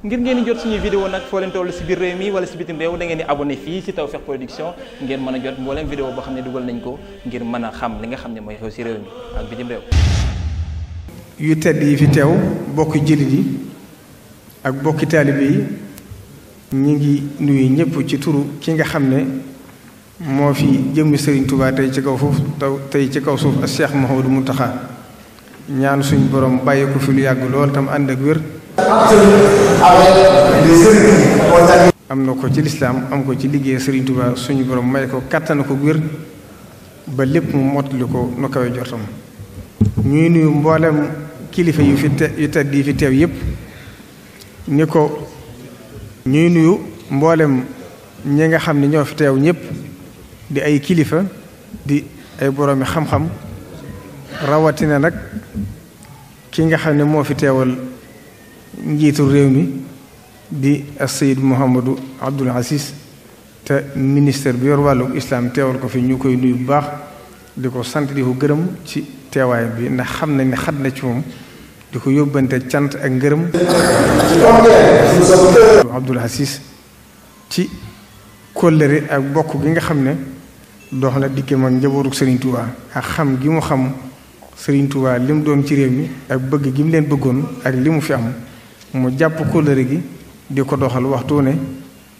ngir ngeen di jot suñuy vidéo nag foo leen toll si biir réew mi wala si bitim réew da ngeen di abonné fii si Tawfekh Production ngeen mën a jot mbooleem vidéo boo xam ne dugal nañ ko ngir mën a xam li nga xam ne mooy xew si réew mi ak bitim yi fi teew bokki jëlit yi ak bokki taalibe yi ñu ngi nuyu ñëpp ci turu ki nga xam ne moo fi jëmm Serigne Touba tey ci kaw foofu taw tey ci kaw suuf ak du mu Mountakha ñaan suñu borom bàyyi ko fi lu yàgg lool tam ànd ak wér am na ko ci lislaam am ko ci liggéey Serigne suñu borom may ko kàttan ko wér ba lépp mu mottali ko nu kawe jortam ñuy nuyu mboolem kilifa yu fi fi teew yépp ni ko ñuy nuyu mboolem ñi nga xam ne ñoo fi teew ñépp di ay kilifa di ay boroomi xam-xam rawatina nag ki nga xam ne moo fi teewal. njiitu réew mi di Sayid Mouhamadou Abdoul Aziz te ministère bi yor wàllu islam teewal ko fi ñu koy nuyu bu baax di ko sant di ko gërëm ci teewaay bi ndax xam nañ ne xat na ci moom di ko yóbbante cant ak ngërëm Abdoul Aziz ci kóllëre ak bokk gi nga xam ne dox na diggam ak njabootu Serigne ak xam gi mu xam sëriñtuwaa Touba li doon ci réew mi ak bëgg gi mu leen bëggoon ak li mu fi am mu jàpp kóllëre gi di ko doxal waxtu ne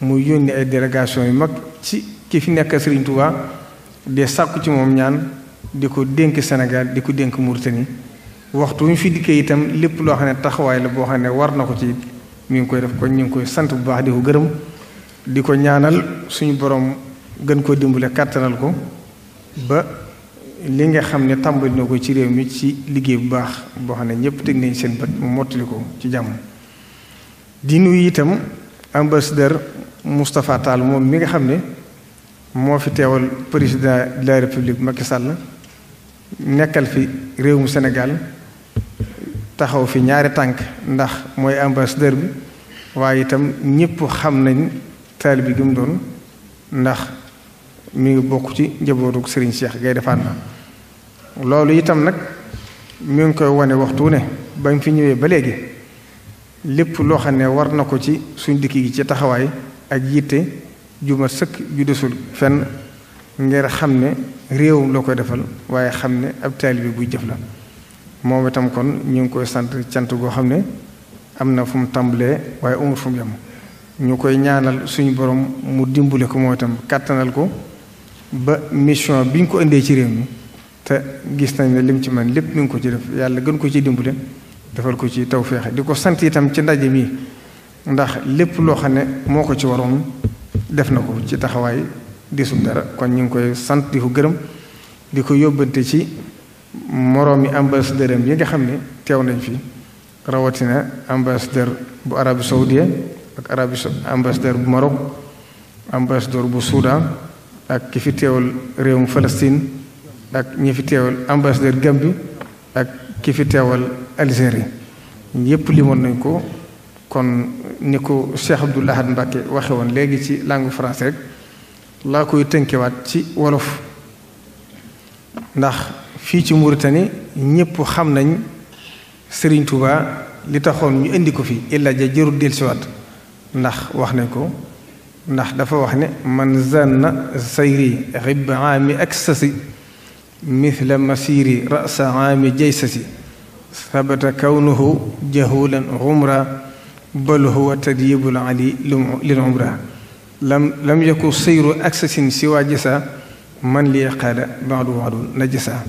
muy yónni ay délégation yu mag ci ki fi nekk Serigne Touba de sàkku ci moom ñaan di ko dénk senegal di ko dénk Mauritanie waxtu wu ñu fi dikkee itam lépp loo xam ne taxawaay la boo xam ne war na ko ci mi ngi koy def kon ñu ngi koy sant bu baax di ko gërëm di ko ñaanal suñu borom gën koo dimbale kàttanal ko ba li nga xam ne tàmbali na ko ci réew mi ci liggéey bu baax boo xam ne ñëpp teg nañ seen bët mu mottali ko ci jàmm. di nuyu itam ambassadeur Moustapha Tall moom mi nga xam ne moo fi teewal président de la république Macky Sall nekkal fi réewum Sénégal taxaw fi ñaari tànk ndax mooy ambassadeur bi waaye itam ñëpp xam nañ taalibe gi mu doon ndax mi ngi bokk ci njabootu Serigne Cheikh Gaïndé Fatma loolu itam nag mi ngi koy wane waxtu ne ba mu fi ñëwee ba léegi. lépp loo xam ne war na ko ci suñ dikk gi ci taxawaay ak yitte ju ma sëkk ju desul fenn ngir xam ne réewum loo koy defal waaye xam ne ab taalibe buy jëf la moom itam kon ñu ngi koy sant cant goo xam ne am na fu mu tàmbalee waaye amul fu mu yem ñu koy ñaanal suñu borom mu dimbale ko moo itam kàttanal ko ba mission bi ñu ko indee ci réew mi te gis nañ ne lim ci man lépp mi ngi ko ci def yàlla gën ko ci dimbale defal ko ci tawféex di ko sant itam ci ndaje mi ndax lépp loo xam ne moo ko ci waroon def na ko ci taxawaay disul dara kon ñu ngi koy sant di ko gërëm di ko yóbbante ci moroomi ambassadeur yi nga xam ne teew nañ fi rawatina ambassadeur bu Arabie Saoudite ak Arabie ambassadeur bu Maroc ambassadeur bu Soudan ak ki fi teewal réewum Palestine ak ñi fi teewal ambassadeur Gambie ak. ki fi teewal Algérie yépp limoon nañ ko kon ni ko Cheikh Abdoul Ahad Mbacké waxe woon léegi ci langue française rek laa koy tënkewaat ci wolof ndax fii ci Mauritanie ñépp xam nañ sëriñ Touba li taxoon ñu indi ko fi illa ja jërul dellusiwaat ndax wax nañ ko ndax dafa wax ne man zanna sayri rib aami ak sasi mithla masiri rasa aami jaysati sabata kawnuhu jahulan umra bal huwa tadyibul ali lil umra lam lam yaku sayru aksasin siwa jasa man li qaada baadu waadu na jasa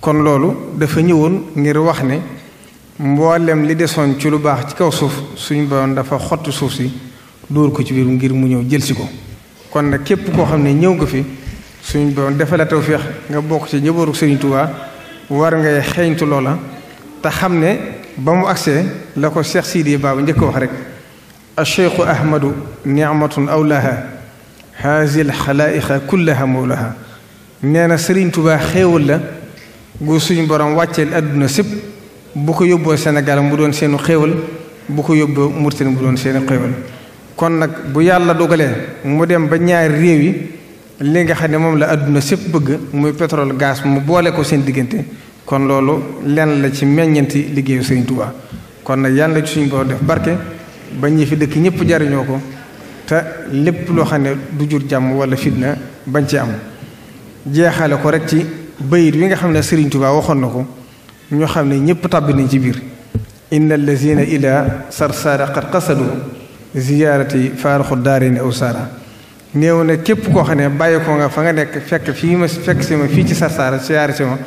kon loolu dafa ñëwoon ngir wax ne mboolem li desoon ci lu baax ci kaw suuf suñu borom dafa xotti suuf si dóor ko ci biir ngir mu ñëw jëlsi ko kon nag képp koo xam ne ñëw nga fi suñ borom defal la tawféex nga bokk ci njabootu Sëriñ Tuubaa war ngay xeeñtu la te xam ne ba mu agsee la ko Cheikh Sidi Baba njëkk wax rek acheikhu ahmadu nicmatun awlaha haasi alxalaaiqa kullaha mawlaha nee na Sëriñ Tuubaa xéewal la gu suñ borom wàcceel àdduna sépp bu ko yóbboo Sénégal mu doon seenu xéewal bu ko yóbboo Mauritanie mu doon seenu xéewal kon nag bu yàlla dogalee mu dem ba ñaari réew yi li nga xam ne moom la àdduna sépp bëgg muy pétrole gaz mu boole ko seen diggante kon loolu lenn la ci meññanti liggéeyu Sëriñ Tuubaa kon nag yàlla ci suñ boo def barke bañ ñi fi dëkk ñëpp jariñoo ko te lépp loo xam ne du jur jàmm wala fitna bañ ci am jeexale ko rek ci bayit wi nga xam ne Sëriñ Tuubaa waxoon na ko ñoo xam ne ñëpp tàbbi nañ ci biir inna allazina ila sarsara qad qasadu ziyaarati faaraxu daarini aw saara néew na képp koo xam ne bàyyi ko nga fa nga nekk fekk fii ma fekk si ma fii ci Sarsara siyaare si ma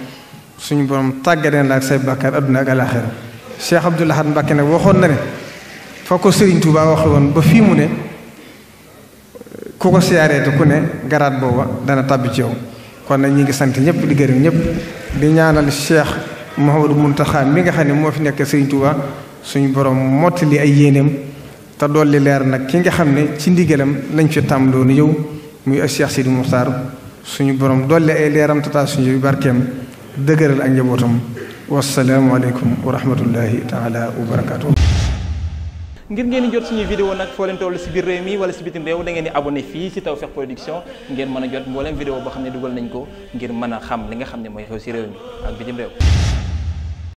suñu borom tàggaleen la ak say bàkkaar adduna ak alaxira Cheikh Abdou Lahad nag waxoon na ne fa ko Serigne Touba waxe woon ba fii mu ne ku ko siyaareete ku ne garaat booba dana tàbbi ci yow kon nag ñi ngi sant ñëpp di gërëm ñëpp di ñaanal Cheikh Mouhamadou Mountakha mi nga xam ne moo fi nekk Serigne Touba suñu borom mottali ay yéeneem. te dolli leer nag ki nga xam ne ci ndigalam lañ fi tàmm doon yow muy ak Cheikh Sidi Muxtaar suñu borom dolli ay leeram tataa suñu barkeem dëgëral ak njabootam wasalaamu aleykum wa rahmatullahi taala wa barakaatu. ngir ngeen di jot suñuy vidéo nag foo leen toll si biir réew mi wala si bitim réew da ngeen di abonné fii si Tawfekh Production ngeen mën a jot mbooleem vidéo boo xam ne dugal nañ ko ngir mën a xam li nga xam ne mooy xew si réew mi ak bitim réew.